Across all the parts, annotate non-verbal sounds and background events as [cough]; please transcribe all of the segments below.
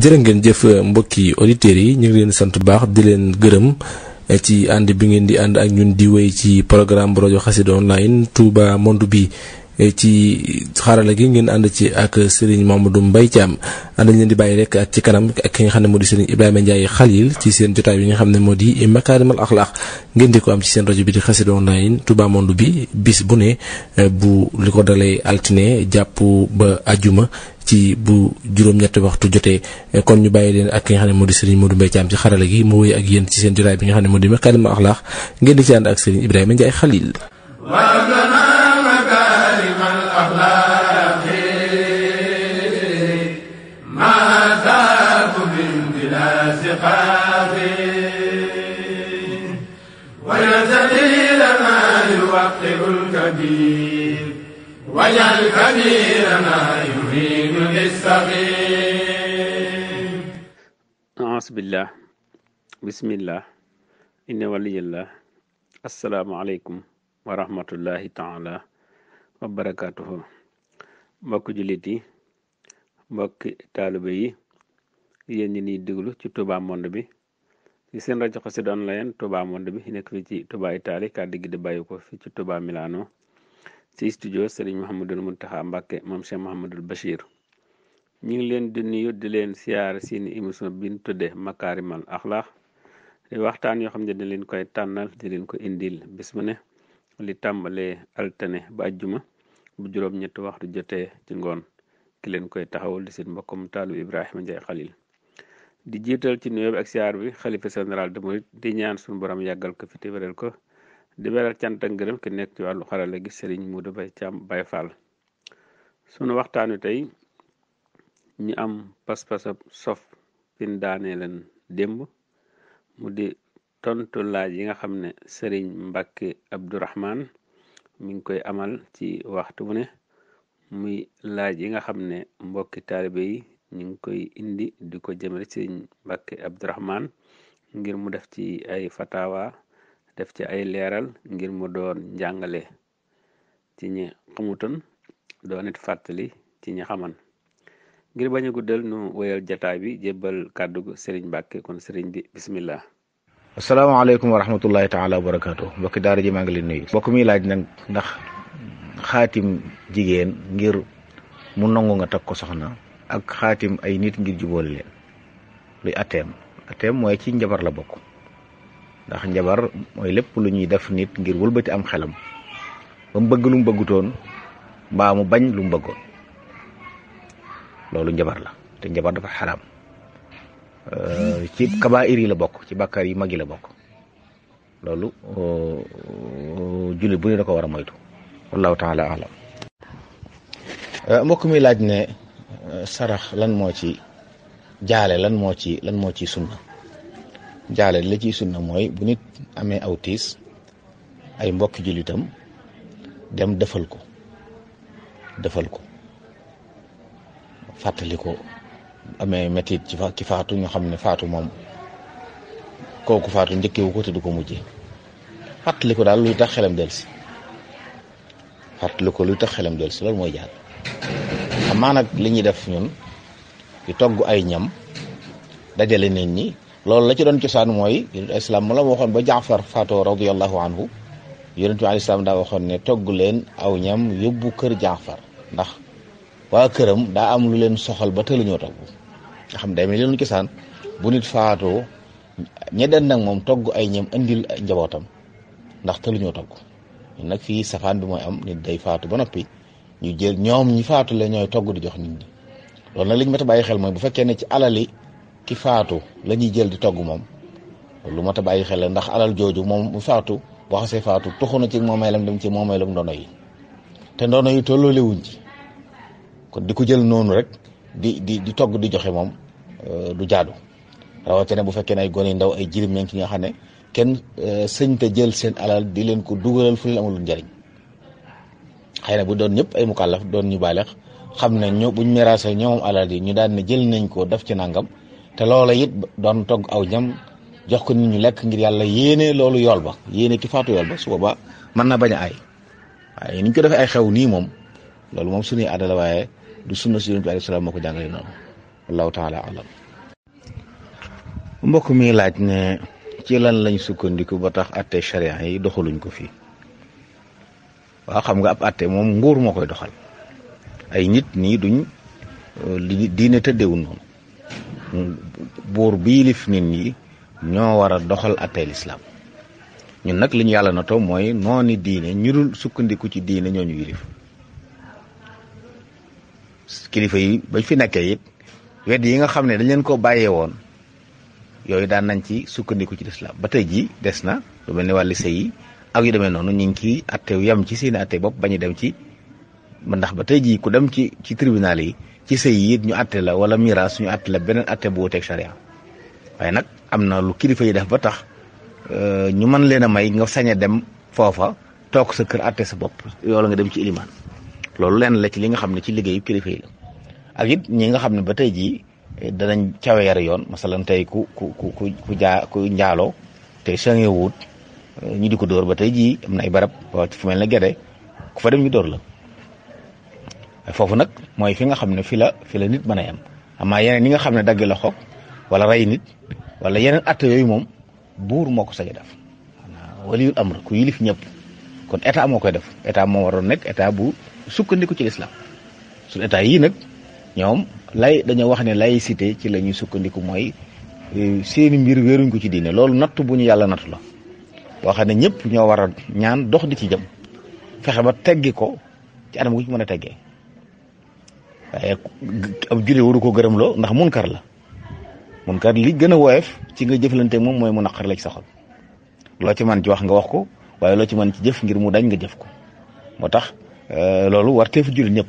jërë ngeen jëf mbokki auditeurs yi ñu ngi leen sant baax di leen gërëm eh, ci ànd bi ngeen di ànd ak ñun di wéy ci programme rajo xasida online Touba Monde bi eh, ci xarala gi ngeen ànd ci ak Serigne Mamadou Mbaye Thiam ànd leen bàyyi rek ci kanam ak ki nga xam ne moo di Serigne Ibrahima Ndiaye Khalil ci seen jotaay bi nga xam ne moo di Makarimal Akhlaq ngeen di ko am ci seen rajo bi di xasida online Touba Monde bi bis bu ne eh, bu li ko dalee altine jàpp ba ajuma ci bu juróom-ñetti waxtu jotee kon ñu bàyyi leen ak ki nga xam ne moo di Serigne Modou Mbaye Thiam ci xarala gi mu wéy ak yéen ci seen jotaay bi nga xam ne moo di Makaarimal Axlaaq ngeen di ci ànd ak Serigne Ibrahima Ndiaye Khalil ويا الكبير ما يهدي يمين للسقيم أعوذ بالله بسم الله إن ولي الله السلام عليكم ورحمة الله تعالى وبركاته mbokk jullit yi mbokk taalibe yi yéen ci Touba Monde bi ci seen rajo Xassida Online Touba Monde bi nekk fii ci Touba Italie kàddu gi di ko fii ci Touba Milano ci studio sëriñ Mouhamadul Mountakha Mbacke moom Cheikh Mouhamadul Bachir ñu ngi leen di nuyu di leen siyaar seen émission bi ñu tuddee Makarimal Akhlaq di waxtaan yoo xam ne dañ leen koy tànnal di leen ko indil bis ma ne li tàmbalee altine ba ajjuma bu juróom-ñetti waxtu jotee ci ngoon ki leen koy taxawal di seen mbokkum taalu Ibrahima Ndiaye Khalil. di jiital ci nuyoo bi ak siyaar bi xalifa général de Mouride di ñaan suñu borom yàggal ko fi téeméeral ko. di beral cant ki nekk ci wàllu xarala gi Serigne Modou Baye Thiam Baye Fall sunu waxtaan wi tey ñu am pas-pasab sof fin daanee démb mu di tontu laaj yi nga xam ne Serigne Mbacke Abdourahman mi ngi koy amal ci waxtu bu ne muy laaj yi nga xam ne mbokki taalibe yi ñu ngi koy indi di ko jëmale Serigne Mbacke Abdourahman ngir mu def ci ay fatawa def ci ay leeral ngir mu doon njàngale ci ñi xamutoon doon it fàttali ci ñi xaman ngir bañ a guddal nu wéyal jataay bi jébbal kàddu gu sëriñ Mbàkke kon sëriñ bi bismillah asalaamaaleykum wa rahmatullahi taala wa barakaatu mbokki daara ji maa ngi leen nuyu mbokk muy laaj nag ndax xaatim jigéen ngir mu nangu nga takk ko soxna ak xaatim ay nit ngir jubóole leen luy atteem atteem mooy ci njabar la bokk ndax njabar mooy lépp lu ñuy def nit ngir wulbati am xelam ba mu lu mu bëggutoon mu bañ lu mu loolu njabar la te njabar dafa xaraam euh, ci kabaa'ir yi la bokk ci bàkkaar yi maggi la bokk loolu euh, jullit bu ne da ko war a moytu wallahu taala alam euh, mbokk mi laaj ne sarax lan moo ci jaale lan moo ci lan moo ci sunna jaale li ciy na mooy bu nit amee aw tiis ay mbokk jullitam dem defal ko defal ko fàttali ko amee metit ci fa faatu ñu xam ne faatu moom kooku faatu njëkkewu ko te du ko mujje fàttali ko daal luy tax xelam del si fàttali ko luy tax xelam del si loolu mooy jaal xam maa nag li ñuy def ñun di togg ay ñam dajale nit ñi loolu la ci doon cosaan mooy yonent islam mu la waxoon ba jaafar faatoo radiyallahu anhu yonent bi alayhi salaam daa waxoon ne togg leen aw ñam yóbbu kër jaafar ndax waa këram daa am lu leen soxal ba tëluñoo togg nga xam day mel ni doon cosaan bu nit faatoo ñeddeen nag moom togg ay ñam indil njabootam ndax tëluñoo togg nag fii safaan bi mooy am nit day faatu ba noppi ñu jël ñoom ñi faatu la ñooy togg di jox nit ñi loolu nag li ñu mat bàyyi xel mooy bu fekkee ne ci alali ki faatu la ñuy jël di togg moom lu mat a bàyyi xel ndax alal jooju moom bu faatu boo xasee faatu toxu na ci moomeelam dem ci moomeelam ndono yi te ndono yi tolloole wuñ ci kon di ko jël noonu rek di di di togg di joxe moom euh, du jaadu rawatina bu fekkee nay ay gone ndaw ay jirim ña ki nga xam ne kenn euh, sëñ te jël seen alal di leen ko dugalal fu leen amul njariñ xëy na bu doon ñëpp ay mukallaf doon ñu baaleex xam ne ñoo buñ meraasee ñoom alal yi ñu daan ne jël nañ ko def ci nangam te loola it doon togg aw ñam jox ko nit ñu lekk ngir yàlla yéene loolu yool ba yéene ki faatu yool ba su booba mën na bañ a ay waaye niñ ko defee ay xew nii moom loolu moom suñuy aada waaye du sunna si yonent bi moo ko jàngale noonu wallahu taala alam mbokk mi laaj ne ci lan lañ sukkandiku ba tax atte charia yi doxaluñ ko fii waaw xam nga ab atte moom nguur moo koy doxal ay nit nii duñ diine tëddeewul noonu buur bi yilif nit ñi ñoo war a doxal àttee lislaam ñun nag li ñu yàlla natoo mooy nooni diine ñu dul sukkandiku ci diine ñu yilif kilifa yi bañ fi nekkee it wedd yi nga xam ne dañ leen ko bàyyee woon yooyu daan nañ ci sukkandiku ci lislaam ba tey jii des na lu mel ni wàll sëy yi ak yu demee noonu ñu ngi ciy attew yem ci seeni atte bopp bañu dem ci ndax ba tey jii ku dem ci ci tribunal yi ci sëy yi ñu àtte la wala miraas ñu àtte la beneen àtte bu wuteeg charia waaye nag am na lu kilifa yi def ba tax euh, ñu mën leen a may nga sañ dem foofa toog sa kër àtte sa bopp yow nga dem ci ilimaan loolu leen la ci li nga xam ne ci liggéeyu kilifa la ak it ñi nga xam ne ba tey jii eh, danañ cawe yoon masalan tey ku ku ku ku jaa ku njaaloo te sange wut eh, ñu di ko dóor ba tey jii am na ay barab fu mel ne gede ku fa dem ñu dóor la. foofu nag mooy fi nga xam ne fi la fi la nit mën a yem amaa yeneen yi nga xam ne dagg la xoog wala rey nit wala yeneen at yooyu moom buur moo ko sañ a def waliyul amr ku yilif ñëpp kon état moo koy def état moo waroon nekk état bu sukkandiku ci lislaam su état yii nag ñoom lay dañoo wax ne laïcité ci la ñuy sukkandiku mooy euh, seeni mbir wéeruñ ko ci diine loolu natt bu ñu yàlla nattu la boo xam ne ñëpp ñoo war ñaan dox di ci jëm fexe ba teggi ko ci anam gu ci mën a teggee waaye eh, ab waru ko gërëm loo ndax munkar la munkar li gën a woyof ci nga moom mooy mu naqar la ci sa xol loo ci man ci wax nga wax ko waaye loo ci man ci jëf ngir mu dañ nga jëf ko moo tax eh, loolu war teefu jullit ñëpp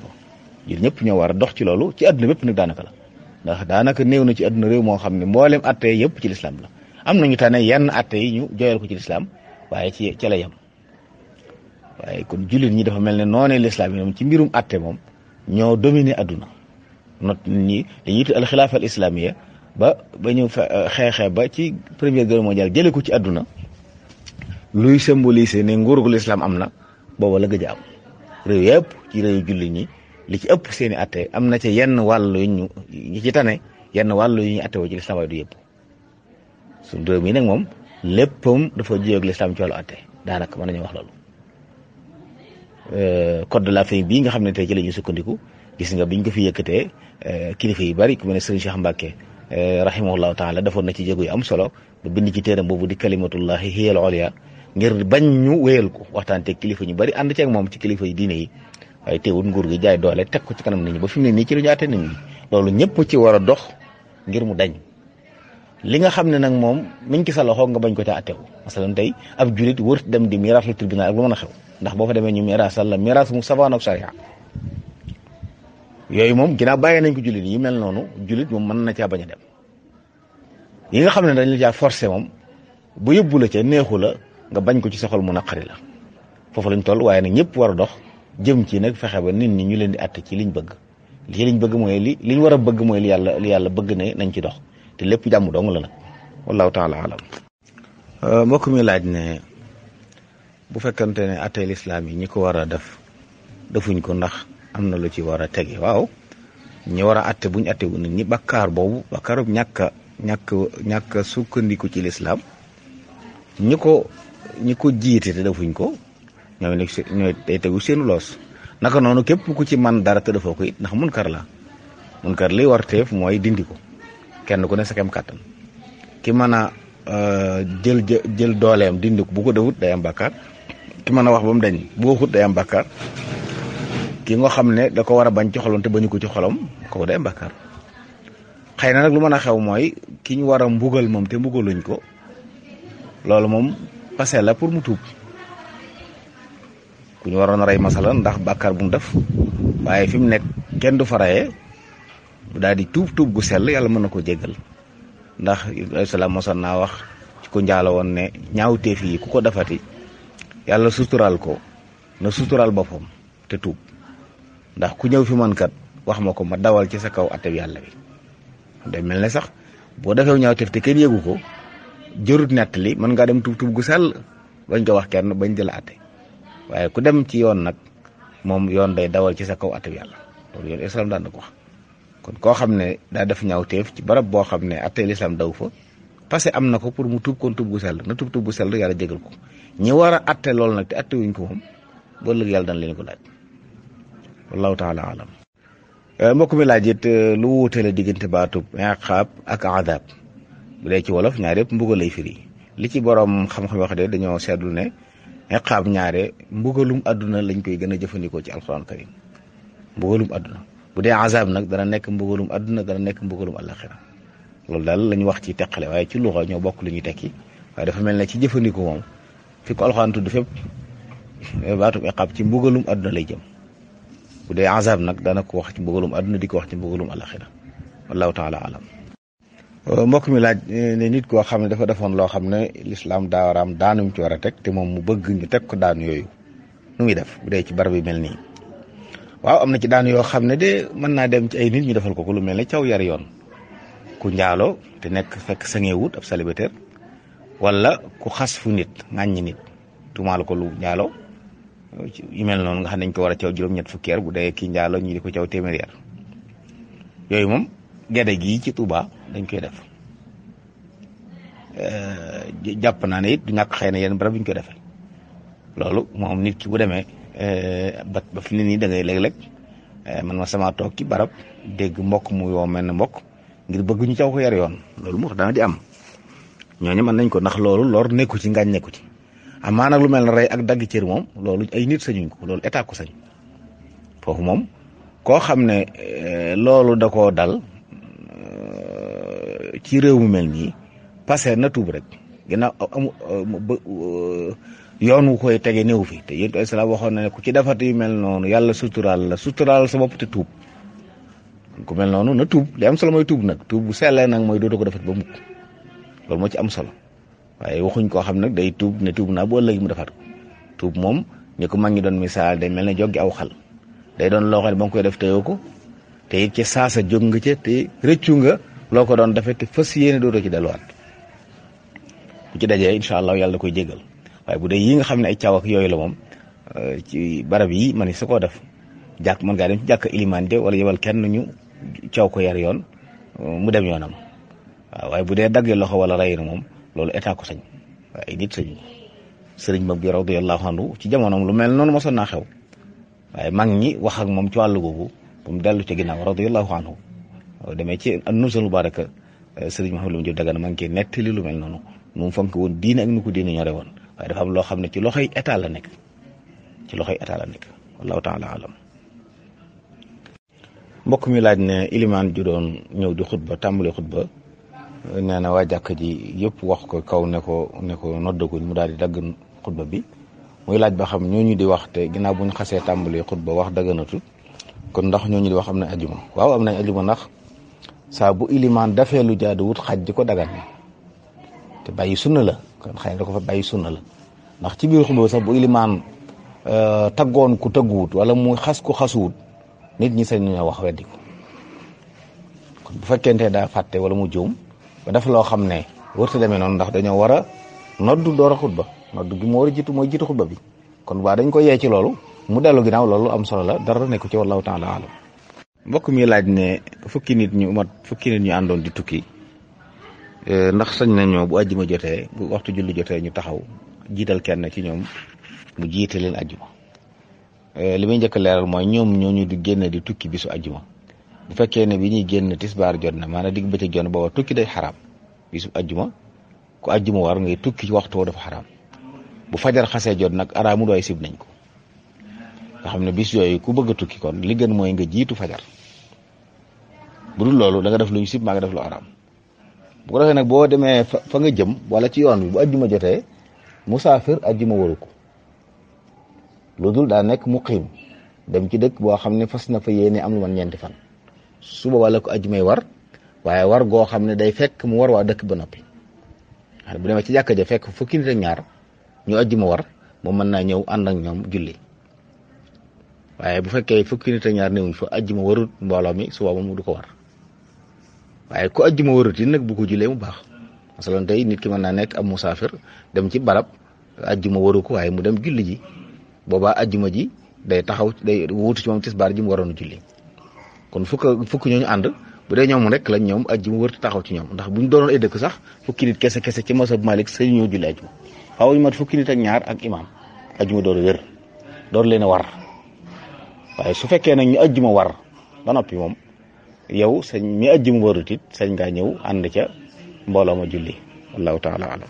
jullit ñëpp ñoo war a dox ci loolu ci àdduna bépp nag daanaka la ndax daanaka néew na ci àdduna réew moo xam ne mbooleem atte yëpp ci lislaam la am nañu tane yenn atte yi ñu joyal ko ci lislaam waaye ci ca la yem waaye kon julli ñi dafa mel ne noonee lislaam moom ci mbirum atte moom ñoo dominer àdduna not ñi dañuy tudd alxilaafa al islamiya ba ba ñu euh, xeexee ba ci première guerre mondiale jëlee ko ci àdduna luy symboliser ne nguurug lislaam am na booba la gëj am réew yëpp ci réew julli ñi li ci ëpp seen i atte am na ci yenn wàll ñi ci tane yenn wàll yu ñu atte woo ci lislaam waaye du yëpp suñu réew nag moom léppam dafa jiyoog lislaam ci wàllu atte daanaka mën ñuy wax loolu Euh, code de la famille bii nga xam ne tey ci la ñuy sukkandiku gis nga biñ ko fi yëkkatee euh, kilifa yu bari ku mel ne Serigne Cheikh Mbacke euh, rahimahullahu taala defoon na ci jéego yu am solo ba ci téeram boobu di kalimatullahi hiyal oliya ngir bañ ñu ko waxtaan te kilifa ñu bari ànd ceeg moom ci kilifa yi diine yi waaye teewul nguur gi jaay doole teg ko ci kanam nit ñi ba fi mu ne nii ci lu ñaate nit loolu ñëpp ci war a dox ngir mu dañ li nga xam ne nag moom miñ ci sa loxo nga bañ ko te attewu masalan tey ab julit wërti dem di miraas lu tribunal ak lu mën a xew ndax boo fa demee ñu sa la miraas mu savaan ak charia yooyu moom ginnaaw bàyyee nañ ko julit yi mel noonu julit moom mën na caa bañ a dem yi nga xam ne dañ la caa forcé moom bu yóbbu la ca neexu la nga bañ ko ci soxal mu naqari la foofu lañ toll waaye nag ñëpp war a dox jëm ci nag fexe ba nit ñi ñu leen di atte ci liñ bëgg li liñ bëgg mooy li liñ war a bëgg mooy yàlla li bëgg ne nañ ci dox te lépp jàmm dong la nag wallahu taala alam euh, mbokk mi laaj ne bu fekkante ne ate lislaam yi ñi ko war a def defuñ ko ndax am na lu ci war a tege waaw ñi war a atte buñ atte wu ñi bakkaar boobu bakkaar bu ñàkk a sukkandiku ci lislaam ñi ko ñi ko jiite te defuñ ko ñooy nekk ñooy day tegu seenu loos naka noonu képp ku ci man dara te defoo ko it ndax munkar la munkar li war teef mooy dindi ko kenn ku ne sa kem kàttan ki mën a euh, jël jël dooleem dindi ko bu ko defut day am bàkkaar ki mën a wax ba mu dañ bu ko xut day am bàkkaar ki nga xam ne da ko war a bañ ci xolam te bañu ko ci xolam kooku day am bàkkaar xëy na nag lu mën a xew mooy ki ñu war a mbugal moom te mbugaluñ ko loolu moom passé la pour mu tuub ku ñu waroon a rey masala ndax bàkkaar bu mu def waaye fi nekk kenn du fa bu daal di tuub tuub gu sell yàlla mën na ko jéggal ndax islam mosoon naa wax ci ko njaala woon ne ñaawteef yi ku ko defati yàlla suturaal ko na suturaal boppam te tuub ndax ku ñëw fi man kat wax ma ko ma dawal ci sa kaw atteb yàlla bi day mel ne sax boo defew ñaawteef te kenn yëgu ko jërut nettali mën ngaa dem tuub tuub gu sell bañ ko wax kenn bañ di la atte waaye ku dem ci yoon nag moom yoon day dawal ci sa kaw atteb yàlla loolu yoon islam daan na ko wax kon koo xam ne daa def ñaawteef ci barab boo xam ne attee lislaam daw fa parce que am na ko pour mu tuub kon tuub gu sell na tuub tuub bu sell yàlla jégal ko ñi war a atte loolu nag te atte wuñ ko moom ba ëllëg yàlla dana leen ko laaj wallahu taala alam eh, mbokk mi laaj it eh, lu wuutale diggante baatub iqaab ak adab bu dee ci wolof ñaar yëpp lay firi li ci borom xam-xam wax dañoo seetlu ne iqaab ñaare mbugalum àdduna lañ koy gën a jëfandikoo ci alxuraan karim mbugalum àdduna bu dee azab nag dana nekk mbugalum adduna dana nekk mbugalum àlaxira loolu daal la ñu wax ci teqale waaye ci luxa ñoo bokk lu ñuy tekki waaye dafa mel ne ci jëfandiku moom fi ko alxaan tudd fépp [laughs] baatub iqaab ci mbugalum adduna lay jëm bu dee azab nag dana ko wax ci mbugalum adduna di ko wax ci mbugalum àlaxira wallahu taala alam euh, mbokk mi laaj euh, ne nit koo xam ne dafa defoon loo xam ne lislaam daawaraam daanum ci war a teg te moom mu bëgg ñu teg ko daan yooyu nu muy def bu dee ci barab yi mel nii waaw am na ci daan yoo xam ne de mën naa dem ci ay nit ñu defal ko ko lu mel ne caw yar yoon ku njaalo te nekk fekk sangeewut ab célibataire walla ku xas fu nit ŋàññi nit tumaal ko lu njaalo yu mel noonu nga xam ne ko war a caw juróom-ñett fukki yar bu dee kii njaalo ñii di ko caw téeméer yar yooyu moom gede gi ci Touba dañ koy def eh, jàpp naa ne it du ñàkk xëy na yenn barab bu ñu koy defee loolu moom nit ki bu demee. Eh, ba ba fi ne nii da ngay léeg-léeg eh, man ma sama toog ci barab dégg mbokk mu yoo mel ne mbokk ngir bëgg ñu caw ko yar yoon loolu moo tax dana di am ñooñu mën nañ ko ndax loolu lor nekku ci ngaañ nekku ci amaa nag lu mel ne rey ak dagg cër moom loolu ay nit sañuñ ko loolu état ko sañ foofu moom koo xam ne eh, loolu da koo dal ci réew mu mel nii passé na tuub rek ginnaaw amu yoon wu koy tege néew fi te yéen waxoon na ne ku ci defati yu mel noonu yàlla suturaal la suturaal sa bopp te tuub ku mel noonu na tuub li am solo mooy tuub nag tuub bu sellee nag mooy dootoo ko defat ba loolu moo ci am solo waaye waxuñ koo xam nag day tuub ne tuub naa bu ëllëg mu defat ko tuub moom ñu ko mag ngi doon misaal day mel ne joggi aw xal day doon loo xam ne ba koy def teyoo ko te it ca saasa jóg nga ca te rëccu nga loo ko doon defee te fas yéene dootoo ci delluwaat ku ci dajee incha allah yàlla koy jégal waaye bu dee yi nga xam ne ay caaw ak yooyu la moom euh, ci barab yi man su koo def jàkk mën ngaa dem ci jàkk ilimaan de wala yebal kenn ñu caaw ko yar yoon euh, mu dem yoonam waaye bu dee daggee loxo wala rey na moom loolu état ko sañ waaye ay nit sañu sëriñ mag bi radiyallahu anhu ci jamonoom lu mel noonu mosoon naa xew waaye mag ñi wax ak moom ci wàllu googu ba mu dellu ci ginnaaw radiyallahu anhu demee ci an-Nuzul Mubaaraka euh, lu mel noonu nu mu fonk woon diine ak nu ko ñore woon waaye dafa am loo xam ne ci loxoy état la nekk ci loxoy état la nekk wallahu taala alam mbokk mi laaj ne ilimaan ju doon ñëw di xutba tàmbali xutba nee na waa jàkk ji yëpp wax ko kaw ne ko nekko ko noddaguñ mu daal di dagg xutba bi muy laaj ba xam ñooñu di wax te ginnaaw bu ñu xasee tàmbali xutba wax dagganatul kon ndax ñooñu di wax am na ajuma waaw am nañ ajuma ndax saa bu ilimaan dafee lu jaadu wut xaj di ko dagan te bàyyi sunna la kon xëy na da ko fa bàyyi sunna la ndax ci biir xutba sax bu ilimaan euh, taggoon ku tëgguwut wala mu xas ku xasuwut nit ñi sañ ñoo wax weddi ko kon bu fekkente daa fàtte wala mu juum ba def loo xam ne warta demee noonu ndax dañoo war a noddu door a xutba noddu gi moo war a jiitu mooy jiitu xutba bi kon waa dañ ko yee ci loolu mu dellu ginnaaw loolu am solo la dara nekk ci wallahu taala alam mbokk laaj ne fukki nit ñu mat di tukki Eh, ndax sañ nañoo bu àjjuma jotee bu waxtu julli jotee ñu taxaw jiital kenn ci ñoom mu jiite leen àjjuma eh, li may njëkk leeral mooy ñoom ñooñu di génn di tukki bisu àjjuma bu fekkee ne bi ñuy génn tisbaar jot na maanaam digg bëccëg jot na booba tukki day xaraam bisu àjjuma ku àjjuma war ngay tukki ci waxtu dafa xaraam bu fajar xasee jot nag araamu doy sib nañ ko nga xam ne bis yooyu ku bëgg a tukki kon li gën mooy nga jiitu fajar bu dul loolu da nga def luñu ñu sib maa def lu araam bu nag boo demee fa fa nga jëm wala ci yoon bi bu ajjuma jotee musaafir ajjuma waru ko lu dul daa nekk muqiim dem ci dëkk boo xam ne fas na fa yéene am lu man ñeenti fan suba wala ko ajjumay war waaye war goo xam ne day fekk mu war waa dëkk ba noppi bu demee ci jàkka ja fekk fukki nit ak ñaar ñu ajjuma war moom mën naa ñëw ànd ñoom julli waaye bu fekkee fukki nit ak ñaar néewuñ fa ajjuma warut mbooloo mi suba moom du ko war waaye ku ajjuma wërati nag bu ko julee mu baax masalan tey nit ki mën naa nekk ab musaafir dem ci barab ajjuma waru ko waaye mu dem julli ji boobaa ajjuma ji day taxaw day wuutu ci moom tisbaar ji mu waroon julli kon fukk fukk ñooñu ànd bu dee ñoom rek lañ ñoom ajjuma wërti taxaw ci ñoom ndax buñ doonoon ay dëkk sax fukki nit kese kese ci masab Malik sëñ ñoo julli ajjuma faaw ñu mat fukki nit ak ñaar ak imaam ajjuma door wér door leen a war waaye su fekkee nag ñu ajjuma war ba yow sañ mi ajjum warut it sañ ngaa ñëw ànd ca mbooloo ma julli wallahu taala alam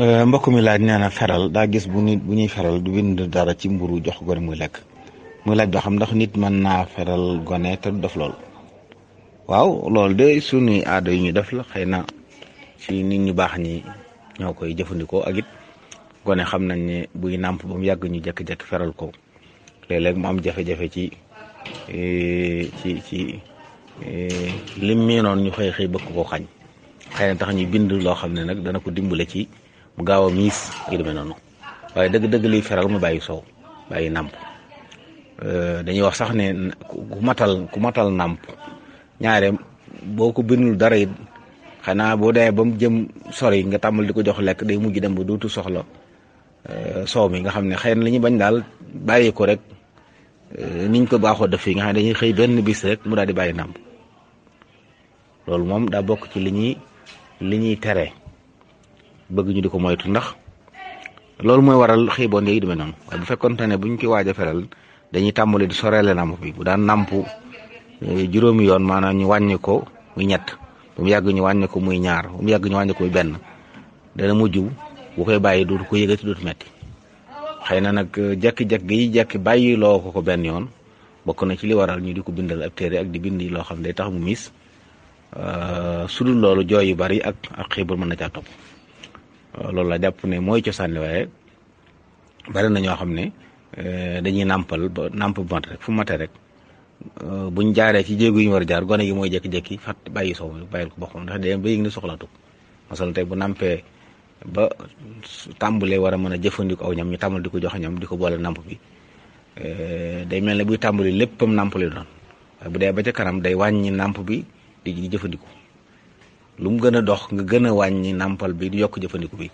euh, mbokk mi laaj nee na feral daa gis bu nit bu ñuy feral du bind dara ci mburu jox gone muy lekk muy laaj doxam ndax nit mën naa feral gone te du lool waaw loolu de suñuy aada yu ñu def la xëy na ci nit ñu baax ñi ñoo koy jëfandikoo ak it gone xam nañ ne bu nàmp ba mu yàgg ñu jekk-jekk feral ko léeg-léeg mu am ci ci ci Eh, lim meenoon ñu xëy xëy bëgg ko xañ xëy na tax ñu bind loo xam ne nag dana ko dimbale ci mu gaaw a miis yu demee noonu waaye dëgg-dëgg liy feral mu bàyyi soow bàyyi nàmp eh, dañuy wax sax ne matal ku matal nàmp ñaare boo ko bindul dara it xanaa boo dee ba mu jëm sori nga tàmbal di ko jox lekk day mujj dem ba duutu soxla eh, soow mi nga xam ne xëy na li ñu bañ daal bàyyi ko rek niñ ko baaxoo def fii nga xam ne dañuy xëy benn bis rek mu daal di bàyyi nàmp loolu moom daa bokk ci li ñuy li ñuy tere bëgg ñu di ko moytu ndax loolu mooy waral xiiboon yooyu demee noonu waaye bu fekkoon ne bu ñu koy waaj a feral dañuy tàmbali di soreele nàmp bi bu daan nampu eh, juróomi yoon maanaam ñu wàññi ko muy ñett bu mu yàgg ñu wàññi ko muy ñaar bu mu yàgg ñu wàññi ko muy benn dana mujj bu koy bàyyi dootu ko yëgati dootu metti xëy na nag eh, jekki-jekki yi jekki bàyyi loo ko ko benn yoon bokk na ci li waral ñu di ko bindal ab téere ak di bind loo xam ne day tax mu miis Euh, su dul loolu jooy yu bari ak ak xiibur mën na caa topp euh, loolu la jàpp ne mooy cosaan li waaye bari na ñoo xam ne euh, dañuy nàmpal ba nàmp bu mat rek fu mate rek buñ jaaree ci jéegu yi war a jaar gone gi mooy jékki-jékki fat bàyyi soow bàyyil ko boppam ndax day ba yëg ne soxlaatu masal tey bu nàmpee ba tàmbalee war a mën a jëfandikoo aw ñam ñu tàmbali di ko joxe ñam di ko boole nàmp bi day mel ne buy tàmbali léppam nàmp lay doon waaye bu dee ba ca kanam day wàññi nàmp bi di di jëfandiku lu mu gën a dox nga gën a wàññi nàmpal bi di yokk jëfandiku bi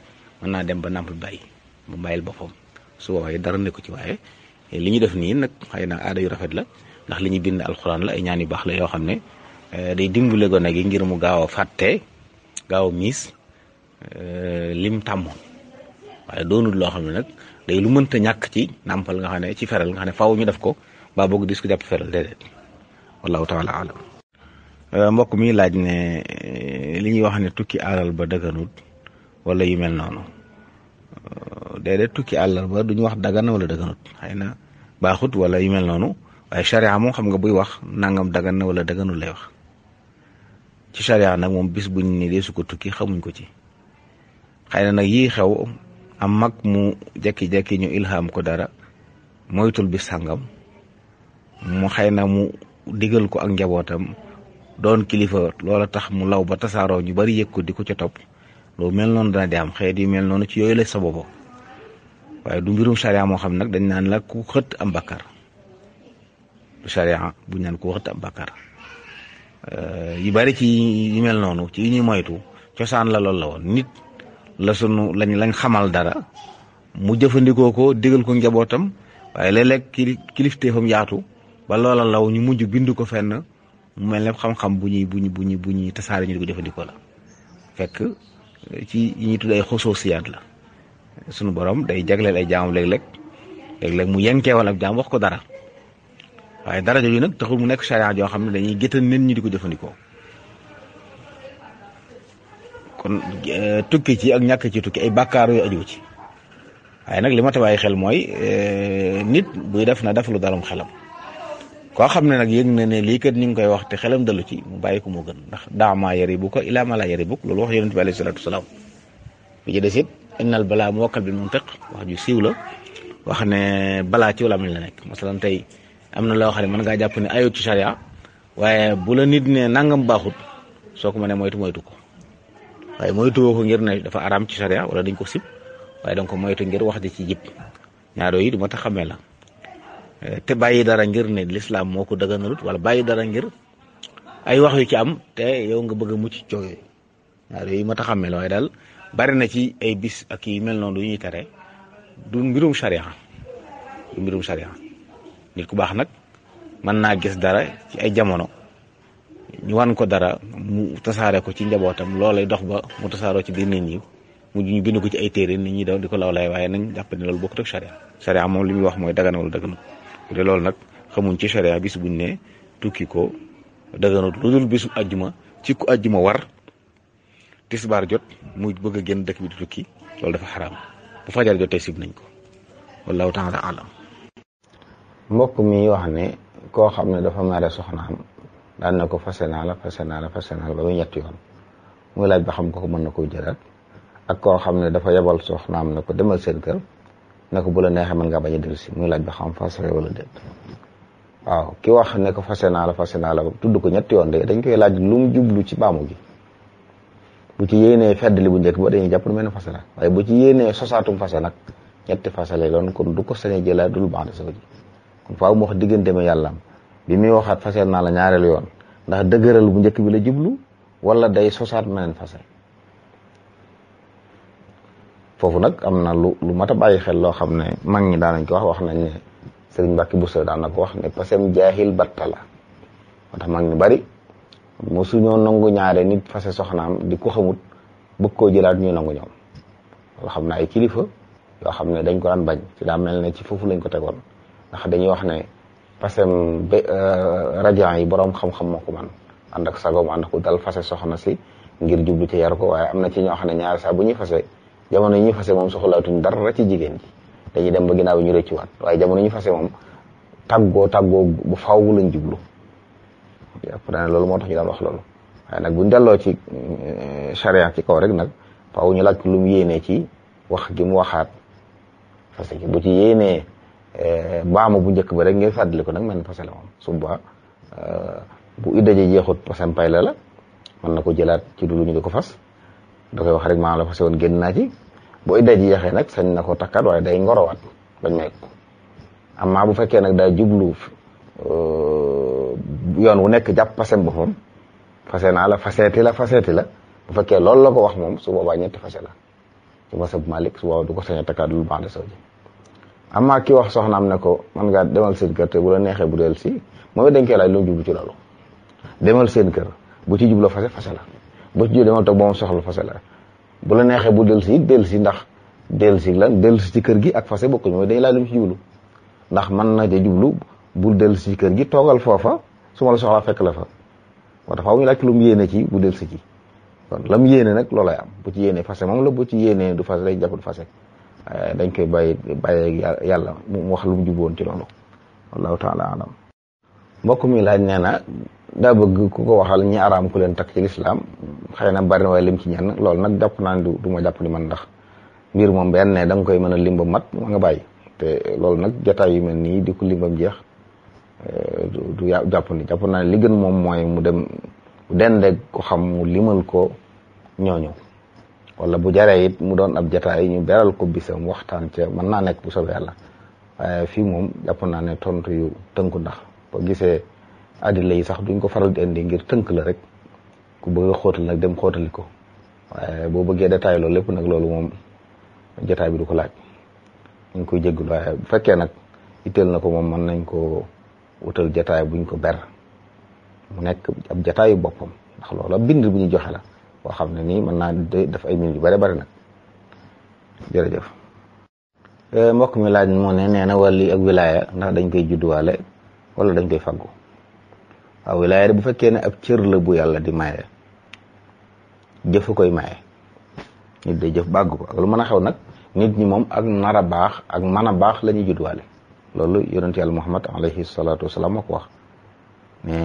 mën naa dem ba nàmpal bàyyi mu bàyyil boppam su boobaa dara nekku ci waaye li ñu def nii nag xëy na aada yu rafet la ndax li ñu bind alxuraan la ay ñaan baax la yoo xam ne eh, day dimbale gone gi ngir mu gaaw a fàtte gaaw a miis eh, lim tàmmoon waaye doonul loo xam ne nag day lu mënta ñàkk ci nàmpal nga xam ne ci feral nga xam ne faw ñu def ko baa boog dis ko jàpp feral déedéet wallahu Euh, mbokk mi laaj ne euh, li ñuy wax ne tukki alal ba daganut wala yu mel noonu euh, déedéet tukki alal ba duñu wax dagan wala daganut xay na baaxut wala yu mel noonu waaye charia moom xam nga buy wax nangam dagan na wala daganut lay wax ci charia nag moom bis buñ ni dee su ko tukki xamuñ ko ci xëy na nag yi xew am mag mu jekki-jekki ñu ilham ko dara moytul bi sàngam mu xëy na mu digal ko ak njabootam doon kilifa loola tax mu law ba tasaaroo ñu bari yëg ko di ko ca topp lu mel noonu dana di am xeet yu mel noonu ci yooyu la sa bopp waaye du mbirum sariya moo xam nag dañ naan la ku xët am bakkar du sariya bu ñu naan ku xët yu bari ci yu mel noonu ci yu ñuy moytu cosaan la loolu la woon nit la sunu lañ xamal dara mu jëfandikoo ko digal ko njabootam waaye léeg-léeg kilifteefam yaatu ba loola law ñu mujj bind ko fenn. mu mel ne xam-xam bu ñuy bu ñuy bu ñuy bu ñuy tasaare ñu di ko jëfandikoo la fekk ci yi ñuy tudd ay xusuusiyaat la sunu borom day jagleel ay jaamam léeg-léeg léeg-léeg mu yenkeewal ak jaam wax ko dara waaye dara jooju nag taxul mu nekk charia yoo xam ne dañuy géttal nit ñi di ko jëfandikoo kon e, tukki ci ak ñàkk ci tukki ay bàkkaar yu aju ci waaye nag li ma tawaay xel mooy e, nit buy def na def lu darum xelam. koo xam ne nag yëg na ne lii kat ni nga koy wax te xelam dalu ci mu bàyyi ko moo gën ndax daamaa yari bu ko ilaa ma bu ko loolu wax yonent bi alayhi salaatu wasalaam bi ci des it balaa mu wakkal bil muntiq wax ju la wax ne balaa ci wala mañ la nekk masalan tey am na loo xam ne mën ngaa jàpp ne ayut ci charia waaye bu la nit ne nangam baaxut soo ko mënee moytu moytu ko waaye moytu woo ko ngir ne dafa araam ci charia wala dañ ko sib waaye donc moytu ngir wax di ci jib ñaar yooyu du ma tax xamee la te bàyyi dara ngir ne lislaam moo ko dëgganalut wala bàyyi dara ngir ay wax yu ci am te yow nga bëgg a mucc coow yooyu waaw yooyu ma ta waaye daal bari na ci ay bis ak yi mel noonu yu ñuy tere du mbirum sharia du mbirum nit ku baax nag mën naa gis dara ci ay jamono ñu wan ko dara mu tasaare ko ci njabootam loolay dox ba mu tasaaroo ci biir nit mu ñu bind ko ci ay téere nit ñi daw di ko law lay waaye nañ jàpp ne loolu bokkut ak sharia sharia moom li muy wax mooy daganawul daganul bu dee loolu nag xamuñ ci charia bis buñ ne tukki ko daganut lu dul bisu àjjuma ci ku àjjuma war tisbaar jot muy bëgg a gën dëkk bi di tukki loolu dafa xaraam bu fajar jotee sib nañ ko wallahu taala alam mbokk mi wax ne koo xam ne dafa mare soxnaam daan na ko fase naa la fase naa la ba muy ñetti yoon muy laaj ba xam ko mën na koo jëlaat ak koo xam ne dafa yebal soxnaam na ko demal seen kër ne ko bu la neexee mën nga bañ a dellu si muy laaj ba xam fas wala déet waaw ki wax ne ko fase naa la fase naa la tudd ko ñetti yoon de dañ koy laaj lu mu jublu ci baamu gi bu ci yéenee feddali bu njëkk ba dañuy jàpp lu mel ne fase la waaye bu ci yéenee sosaatum fase nag ñetti fase lay doon kon du ko sañ a jëla dul baax de saw ji kon faaw mu wax diggante ma yàllaam bi muy waxaat fase naa la ñaareel yoon ndax dëgëral bu njëkk bi la jublu wala day sosaat meneen fase foofu nag am na lu lu mat a bàyyi xel loo xam ne mag ñi daan nañ ko wax wax nañ ne Sëriñ Mbàkke Busso daan na ko wax ne pasem jaahil batta la moo tax mag ñu bari mosuñoo nangu ñaare nit fase soxnaam di ko xamut bëgg koo jëlaat ñu nangu ñoom xam ne ay kilifa yoo xam ne dañ ko daan bañ ci daa mel ne ci foofu lañ ko tegoon ndax dañuy wax ne pasem euh, rajan yi boroom xam-xam moo ko man ànd ak sagoom ànd ak dal fase soxna si ngir jublu ci yar ko waaye am na ci ñoo xam ne ñaari saa bu ñuy fase jamono ñi fase fase moom soxlaatuñ dara ci jigéen ji dañuy dem ba ginnaaw bi ñu waat waaye jamono yi ñu fase moom tàggoo tàggoo bu faaw lañ jublu yàpp daane loolu moo tax ñu daan wax loolu waaye nag buñ delloo ci charia euh, ci kaw rek nag faaw ñu laaj lu mu yéenee wax gi mu waxaat parce que bu ci yéenee euh, baamu bu njëkk ba rek ngeen fàttali ko nag mel na fase la moom suba euh, bu iddaje jeexut pasan pay la la mën na ko jëlaat ci dulu ñu di ko fas da koy wax rek maanaam la fase woon génn naa ci bu idda ji jeexee nag sañ na ko takkaat waaye day ngorowaat bañ may ko amma bu fekkee nag day jublu euh, yoon wu nekk jàpp fasem boppam fase naa la faseeti la faseeti la bu fekkee loolu la ko wax moom su boobaa ñetti fase la ci masab Malik su boobaa du ko sañ a takkaat lu baax de soo ji amma ki wax soxnaam ne ko man ngaa demal seen kër te bu neexee bu del si mooy dañ koy laaj lu jublu ci loolu demal seen kër bu ci jublu fase fase la ba ci jóge demal toog ba mu soxla fase la bu la neexee bu dellusi it dellusi ndax dellusi lan dellusi ci kër gi ak fase bokk mooy dañu laa lim ci jublu ndax mën na ja jublu bul dellusi ci kër gi toogal foofa su ma fekk la fa moo tax faaw ñu laaj yéene ci bu dellusi ci kon lam yéene nag loolay am bu ci yéene fase moom la boo ci yéene du fase lay jàpp du fase dañ koy bàyyi bàyyi yàlla mu wax lu mu juboon ci loolu wallahu taala alam mbokk mi laaj nee daa bëgg ku ko waxal ñi araam ku leen takk ci lislaam xëy na bari na waaye lim ci ñenn loolu nag jàpp naan du ma jàpp di man ndax mbir moom benn ne da koy mën a lim ba mat ma nga bàyyi te loolu nag jotaay yu mel nii di ko limbam jeex eh, du jàpp ni jàpp naa ne li gën moom mooy mu dem dende ko xam mu limal ko ñooñu wala bu jaree it mu doon ab yi ñu beral ko mu waxtaan ca mën naa nekk bu soobee yàlla waaye fii moom jàpp naa ne tontu yu tënku ndax boo gisee addila yi sax duñ ko faral di indi ngir tënk la rek ku bëgg a nag dem xóotali ko waaye boo bëggee détail loolu lépp nag loolu moom jotaay bi du ko laaj ñu ngi koy jéggul bu fekkee nag itteel na ko moom mën nañ ko wutal jotaay buñ ko ber mu nekk ab jotaayu boppam ndax loola bind bu ñu joxe la boo xam ne nii mën naa def ay minutes yu bare bare nag jërëjëf eh, mbokk mi laaj moo ne nee na wàlli ak wilaaya ndax dañ koy judduwaale wala dañ koy faggu waaw wilaaya bu fekkee ne ab cër la bu yàlla di maye jëfa koy maye nit day jëf bàgg ko lu mën a xew nag nit ñi moom ak nar a baax ak mën a baax la ñuy judwaale loolu yonent yàlla muhammad alayhi salaatu wasalaam moo ko wax ne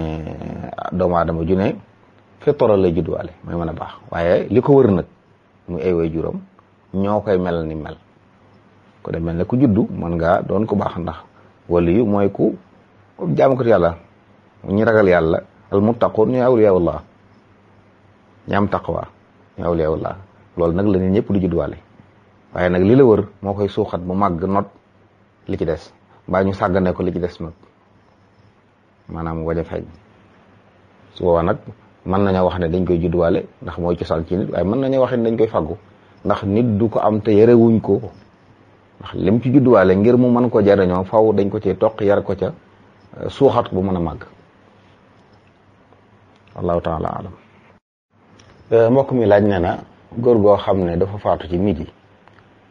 doomu aadama ju ne fitara la judwaale mooy mën a baax waaye li ko wër nag mu ay way juróom ñoo koy mel ni mel ko de mel ni ku juddu mën ngaa doon ku baax ndax waliyu mooy ku jaamukati yàlla ñi ragal yàlla al muttaqoon ñooy awliyaullah ñi am taqwa ñooy awliyaullah loolu nag la nit ñëpp di judduwaale waaye nag li la wër moo koy suuxat mu màgg not li ci des mbaa ñu sàggane ko li ci des nag maanaam waja feeñ su boobaa nag mën nañoo wax ne dañ koy judduwaale ndax mooy cosaan ci nit waaye mën nañoo wax ne dañ koy faggu ndax nit du ko am te yarewuñ ko ndax lim ci judduwaale ngir mu mën ko jariñoo faw dañ ko cee toq yar ko ca suuxat ko bu mën a màgg allahu taala alam euh, mbokk mi laaj ne na góor goo xam ne dafa faatu ci midi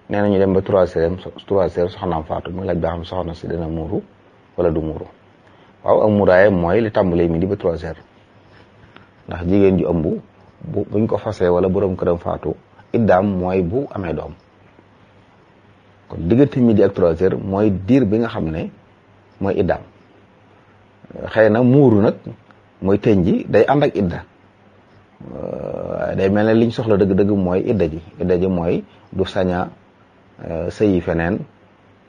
nee na ñu dem ba trois heures trois heures soxnaam faatu muy laaj ba xam soxna si dina muuru wala du muuru waaw am muuraaye mooy li tàmbalee midi ba trois heures ndax jigéen ju ëmb bu buñ ko fase wala borom këram faatu iddaam mooy bu amee doom kon diggante midi ak trois mooy diir bi nga xam ne mooy iddaam xëy na muuru nag mooy tëñ ji day ànd ak idda euh, day mel ne liñ soxla dëgg-dëgg mooy idda ji mooy du saña euh, sëyi feneen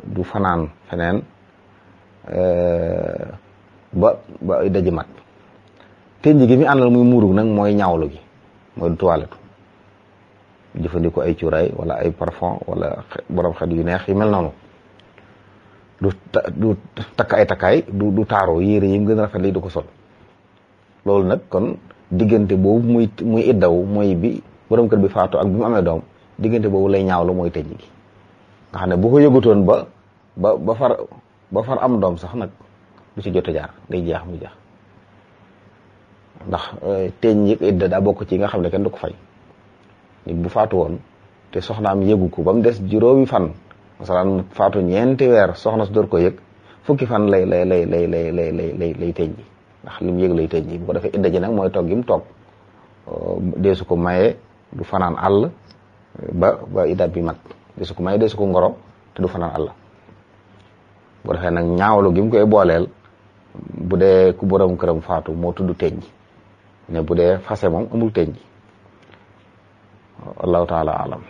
du fanaan feneen euh, ba ba idda mat tëñ ji gi mi àndal muy muurug nag mooy ñaawlu gi mooy du toilette jëfandikoo ay cuuraay wala ay parfum wala borom xet yu neex yi mel noonu du du takk ay takkaay du du taaro yére yi mu gën a rafet lii du ko sol loolu nag kon diggante boobu muy muy iddaw mooy bi borom kër bi faatu ak bi mu amee doom diggante boobu lay ñaawlu mooy tëj gi nga xam ne bu ko yëgutoon ba ba ba far ba am doom sax nag du ci jot jaar day jeex mu jeex ndax euh, teeñ yi idda bokk ci nga xam ne kenn du ko fay nit bu faatu woon te soxnaam yëgu ko ba mu des juróomi fan masalan mu faatu ñeenti weer soxna su door ko yëg fukki fan lay lay lay lay lay lay lay lay teeñ ji ndax lim yëg lay tëj ji bu ko defee idda ji nag mooy toog gi mu toog euh, deesu ko maye du fanaan àll ba ba idda bi mat deesu ko maye deesu ko ngoro te du fanaan àll bu defee nag ñaawlu gi koy booleel bu dee ku borom këram faatu moo tudd tëj ne bu dee fase moom amul tëj ji allahu taala alam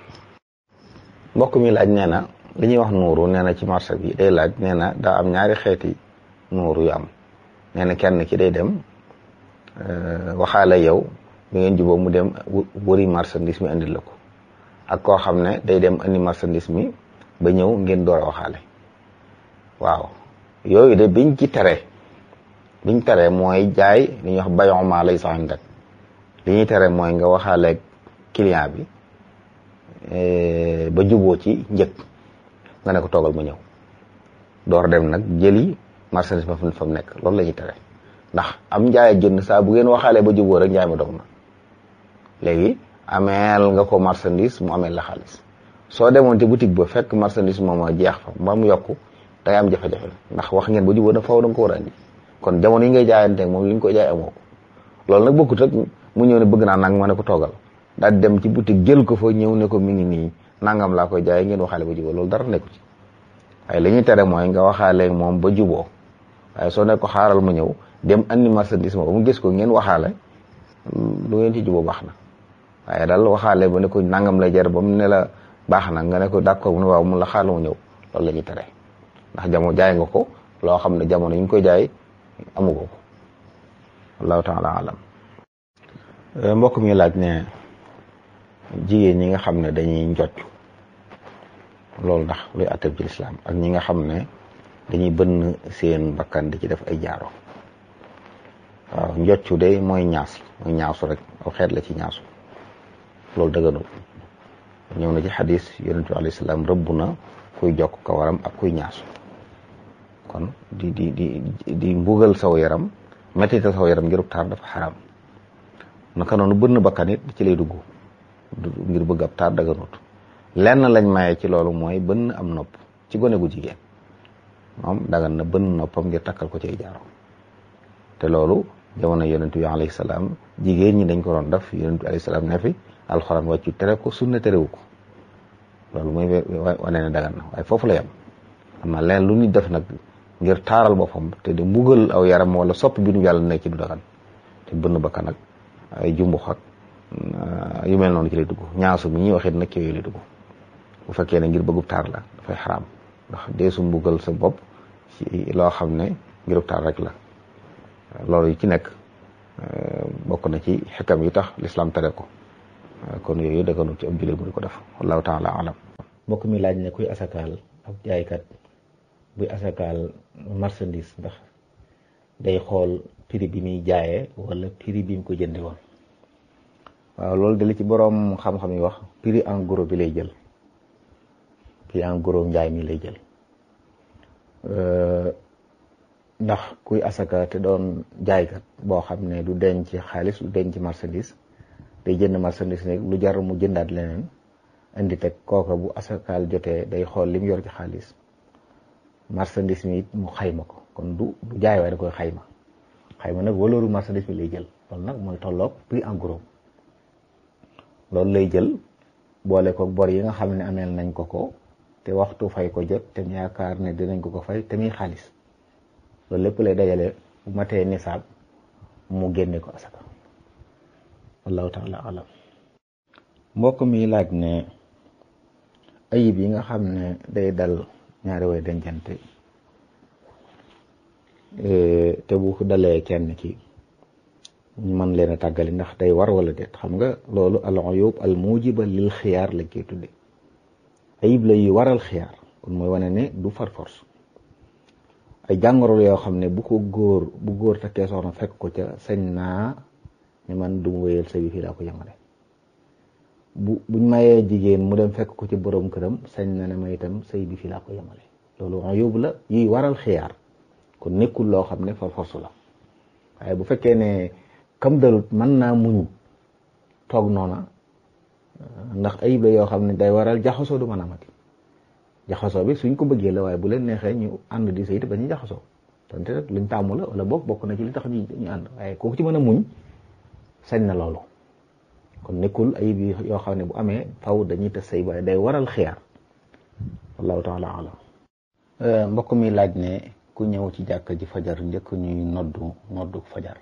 mbokk mi laaj nee na li ñuy wax nuuru nee na ci marché bi laaj nee na daa am ñaari xeeti nuuru yu am nee na kenn ki day dem euh, waxaale yow bi ngeen jubóo mu dem wëri marchandise mi indil la ko ak koo xam ne day dem indi marchandise mi ba ñëw ngeen door a waxaale waaw yooyu de biñ ci tere biñ tere mooy jaay li ñuy wax bayon maa lay sax ndak li ñuy tere mooy nga waxaale client bi euh, ba juboo ci njëkk nga ne ko toogal ma ñëw door dem nag jëli marchandise ma fa mu nekk loolu la ñuy tere ndax am njaay ak sax saa bu ngeen waxaalee ba juboo rek njaay ma dog na léegi ameel nga ko marchandise mu ameel la xaalis soo demoon ci boutique boo fekk marchandise moom a jeex fa ba mu yokku da ngay am jafe ndax wax ngeen ba jubóo na faaw da kon jamono yi ngay jaayante moom li ñu ko jaay amoo loolu nag bokkut rek mu ñëw ne bëgg naa nang ma ne ko toogal daal dem ci boutique jël ko fa ñëw ne ko mi ngi nii nangam laa koy jaay ngeen waxaale ba jubóo loolu dara nekku ci waaye li ñuy tere mooy nga waxaale moom ba juboo waaye soo ne ko xaaral ma ñëw dem andi marchandise ma ba mu gis ko ngeen waxaale lu ngeen ci jubóo baax na waaye daal waxaale ba ne nangam lay jar ba mu ne la baax na nga ne ko d'accord mu ne waaw mun la xaaral ma ñëw loolu la ñuy tere ndax jamono jaay nga ko loo xam ne jamono yi ñu koy jaay amu ko wallahu taala alam euh, mbokk mi laaj ne jigéen ñi nga xam ne dañuy njot loolu ndax luy attab ci lislaam ak ñi nga xam ne dañuy bënn seen bakkan di ci def ay jaaro waaw njoccu day mooy ñaas mooy ñaasu rek aw xeet la ci ñaasu loolu dëgganul ñëw na ci xadis yonent bi alayhi salaam rëbb na kuy jokk ko waram ak kuy ñaasu kon di di di mbugal saw yaram mettita saw yaram ngir taar dafa xaram naka noonu bënn bakkan it ci lay dugg ngir bëgg ab taar daganut lenn lañ maye ci loolu mooy bënn am nopp ci gone gu jigéen moom dagan na bënn noppam ngir takkal ko ci ay jaaro te loolu jamono yonent bi alayhi salaam jigéen ñi dañ ko doon def yonent bi alayhi salaam ne fi alxuraan wàccu tere ko sunna terewu ko loolu mooy wane ne dagan na waaye foofu la yem am na leen lu nit def nag ngir taaral boppam te di mbugal aw yaram wala sopp bi nu yàlla nekk ci du dagan te bënn bakkan nag ay jumbux ak ah, yu mel noonu ci lay dugg ñaasu mi ñuy waxit nag ci yooyu lay dugg bu fekkee ne ngir bëggub taar la dafay ndax dee mbugal sa bopp ci loo xam ne ngirub taal rek la loolu yi ci nekk euh, bokk na ci xikam yi tax lislaam tere ko kon yooyu daganul ci ab jullit mu ko def wallahu taala alam mbokk mi laaj ne kuy asakaal ab jaaykat buy asakaal marchandise day xool prix bi muy jaayee wala prix ko jënde woon loolu de ci boroom xam-xam yi wax prix en gros bi lay jël prix en gros njaay mi lay jël Euh, ndax kuy asaka te doon jaaykat boo xam ne du denc xaalis du denc marchandise day jënd marchandise rek lu jar mu jëndaat leneen indi teg kooka bu asakaal jotee day xool li mu yor ci xaalis marchandise mi it mu xayma ko kon du jaay waaye da koy xayma xayma nag walooru marchandise mi lay jël loolu nag mooy tolloog prix en loolu lay jël boole ko bor yi nga xam ne ameel nañ ko ko te waxtu fay ko jot te yaakaar ne dinañ ko ko fay te muy xaalis loolu lépp lay dajale bu matee nisaab mu génne ko asaka wallahu mbokk mi laag ne ayib nga xam ne day dal ñaari way dencante e, te bu ko kenn ki man leen a tàggali ndax day war wala déet xam nga loolu al uyub al mujiba lil xiyaar lañ koy tudde ayib la yu waral xiyaar kon mooy wane ne du far force ay jàngoro la yoo xam ne bu ko góor bu góor takkee soxna fekk ko ca sañ naa ne man du mu wéyal sëy bi fii laa ko yemale bu buñ mayee jigéen mu dem fekk ko ci borom këram sañ na ne ma itam sëy bi ko yemale loolu on yóbbu la yuy waral xiyaar kon nekkul loo xam ne far force la waaye bu fekkee ne kam dalut mën naa muñ toog noona ndax ayib la yoo xam ne day waral jaxasoo du mën a amati jaxasoo bi suñ ko bëggee la waaye bu leen neexee ñu ànd di sayit ba ñu jaxasoo donte nag luñ tàmmu la wala boog bokk na ci li tax ñu ñu ànd waaye kooku ci mën a muñ sañ na loolu kon nekkul ayib yi yoo xam ne bu amee faw dañuy tas say waaye day waral xeer wallahu taala alam euh, mbokk mi laaj ne ku ñëw ci jàkka ji fajar njëkk ñuy noddu noddu fajar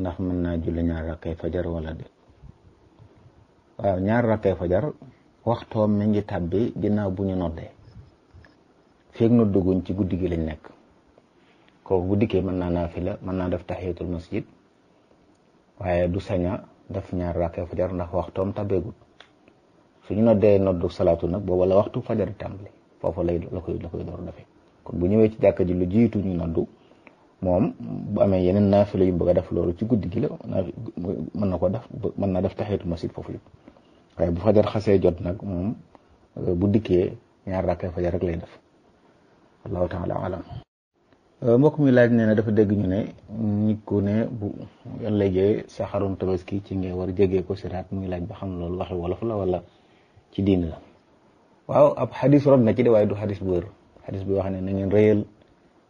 ndax mën naa julli ñaar rakkay fajar wala déet waaw ñaar rakkay fajar waxtoom mi ngi tàbbi ginnaaw bu ñu noddee feeg nodduguñ ci guddi gi lañ nekk kooku guddi kee mën naa naafila mën naa def tahiyatul masjid waaye du saña def ñaar rakkay fajar ndax waxtoom tàbbeegul suñu noddee noddu salaatu nag booba la waxtu fajar di tàmbali la koy la koy door defee kon bu ñëwee ci jàkka ji lu jiitu ñu noddu moom amee yeneen naafila yu bëgg def loolu ci guddi mën na ko def mën naa def tahiyatul masjid foofu yëpp waaye bu fajar xasee jot nag moom euh, bu dikkee ñaar rakkee fajar rek lay def allahu taala alam euh, mbokk mi laaj nee na dafa dégg ñu ne nit ku ne bu ëllëgee sa xarum tabaski ci ngay war jegee ko siraat muy laaj ba xam loolu waxi wolof la walla ci diin la waaw ab xadis rod na ci de waaye du xadis bu wér xadis bi wax ne na ngeen rëyal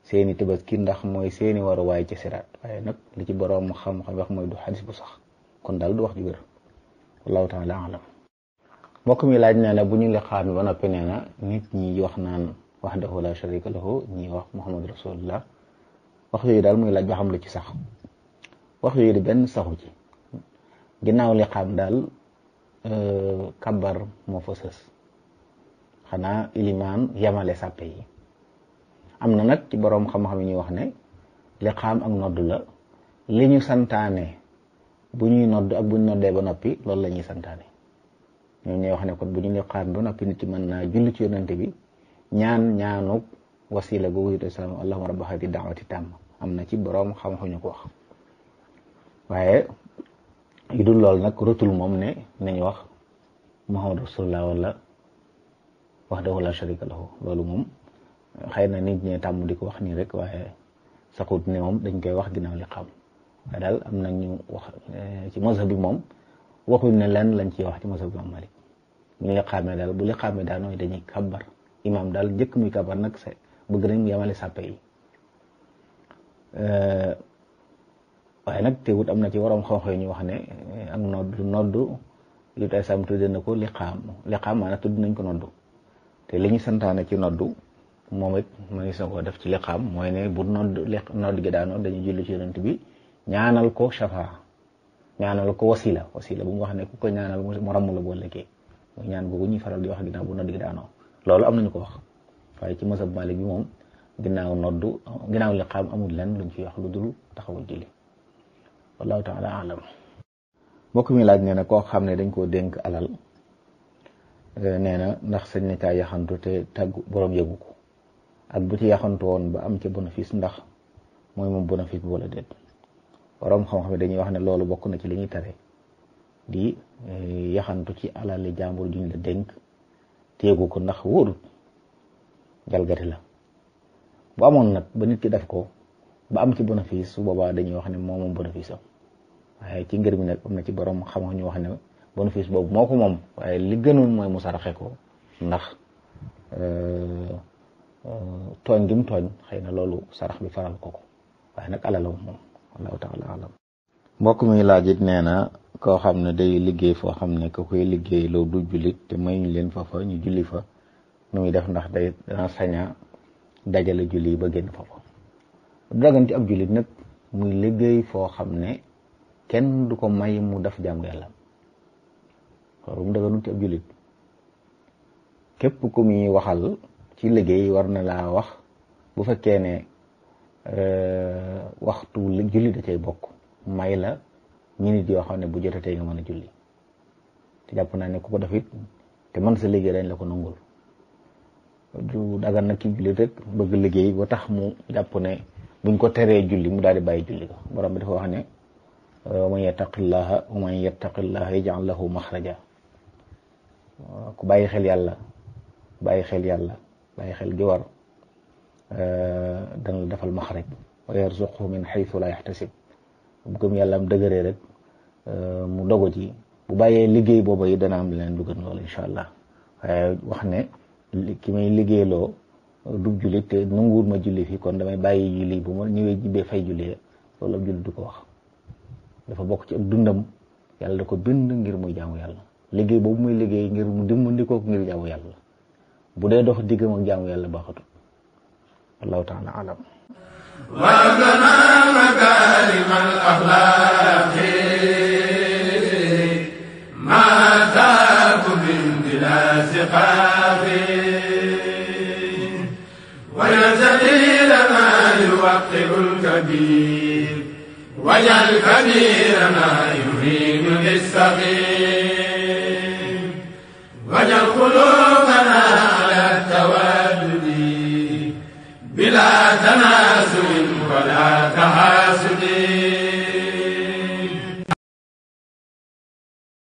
seeni tabaski ndax mooy seeni war a ci siraat waaye nag li ci borom xam-xam wax mooy du xadis bu sax kon daal du wax ju wér wallahu taala mbokk mi laaj na bu ñu liqaami ba noppi nee na nit ñi wax naan wahdahu la sharika lahu ñi wax muhammad rasulullah wax yooyu daal muy laaj ba xam la ci sax wax yooyu di benn saxu ci ginnaaw liqaam daal euh, kabar moo fa sës xanaa ilimaan yamale sàppe yi am na nag ci boroom xam-xam yi ñuy wax ne liqaam ak nodd la li ñu santaane bu ñuy nodd ak bu ñu noddee ba noppi loolu la ñuy santaane ñoo ñuy wax ne kon bu ñu liqaam ba noppi nit ci mën naa julli ci yonante bi ñaan ñaanuk wasila googu yute salaam allahuma rabba hadi daawati tàmm am na ci boroom xam-xañu ko wax waaye yu dul lool nag rotul moom ne nañu wax muhammadu rasulullah wala wahdahu la sharika lahu loolu moom xëy na nit ñi tàmm di ko wax nii rek waaye saxut ne moom dañ koy wax ginnaaw liqaam waaye daal am na ñu wax eh, ci mazhab bi moom waxuñ ne lenn lañ ciy wax ci masab imam malik bu ñu liqaamee daal bu liqaamee daanooy dañuy kabbar imaam daal njëkk muy kabbar nag se bëgg nañ mu yemale sàppe yi euh, waaye nag teewut am na ci waroom xonxo yi ñu wax ne eh, ak noddu noddu yu tey sam tudde na ko liqaam liqaam maanaam tudd nañ ko noddu te li ñu santaane ci noddu moom it ma ngi def ci liqaam mooy ne bu nodd nodd gi daanoo dañuy julli ci yonent bi ñaanal ko shafaa ñaanal ko wasila wasila bu mu wax ne ku ko ñaanal mu ramm la boo lëggee muy ñaan googu ñuy faral di wax ginnaaw bu nodd gi daanoo loolu am nañu ko wax waaye ci mazhab Maalik bi moom ginnaaw noddu ginnaaw li xam amul lenn luñ ci wax lu dul taxawal julli wallahu taala alam mbokk mi laaj nee na koo xam ne dañ koo dénk alal eh, nee na ndax sañ na caa yaxantu te tàggu boroom yëgu ko ak bu ci yaxantu woon ba am ca bénéfice ndax mooy moom bénéfice bu wala déet boroom xam-xam dañuy wax ne loolu bokk na ci li ñuy tere di eh, yaxantu ci alali jàmbur juñ la dénk téegu ko ndax wóorut jalgati la bu amoon nag ba ki def ko ba am ci bénéfice su boobaa dañuy wax ne moom moom bénéfice am waaye ci ngër mi nag na ci borom xam-xam ñu wax ne bénéfice boobu moo ko moom waaye li gënoon mooy mu saraxe ko ndax eh, eh, tooñ gi mu tooñ xëy na loolu sarax bi faral ko ko waaye nag alala wallahu taala alam mbokk mi laaj it nee na koo xam ne day liggéey foo xam ne ku koy liggéey loo du jullit te mayuñ leen fa fa ñu julli fa nu muy def ndax day dana saña dajale julli ba génn fa fa dagan ci ab jullit nag muy liggéey foo xam ne kenn du ko may mu def jaamu la loolu mu daganul ci ab jullit képp ku muy waxal ci liggéey war na laa wax bu fekkee ne Euh, waxtu la julli da cay bokk may la minute yoo xam ne bu jotatee nga mën a julli jàpp naa ne ku ko def it te mën sa liggéey dañ la ko nangul du dagan nag ki julli rek bëgg liggéey ba tax mu jàpp ne buñ ko teree julli mu daal di bàyyi julli ko borom bi dafa wax ne wa man yattaqillaha wa man yattaqillaha yaj'al lahu maxraja ku bàyyi xel yàlla bàyyi xel yàlla bàyyi xel gi war Euh, dana la defal maxraj rek yarzuqhu min xaytu la yaxtasib bu gëm yàlla am dëgëree rek euh, mu dogo ji bu bàyyee liggéey booba yi dana am leen lu gën loolu incha allah waaye wax ne ki may liggéeyloo du jullit te nanguwul ma julli fii kon damay bàyyi julli bu ma ñëwee jibbee fay julli loolu ab jullit du ko wax dafa bokk ci ab dundam yàlla da ko bind ngir muy jaamu yàlla liggéey boobu muy liggéey ngir mu dimbandikoo ngir jaamu yàlla bu dee dox diggam ak jaamu yàlla allahu taala alam wargana makarim al axlaaqi ma saaku min bila siqaafi wa yazali lana yuwaqiru lkabir wajal kabirana yuridu lissaqir wajal qulub تناسل ولا تحاسد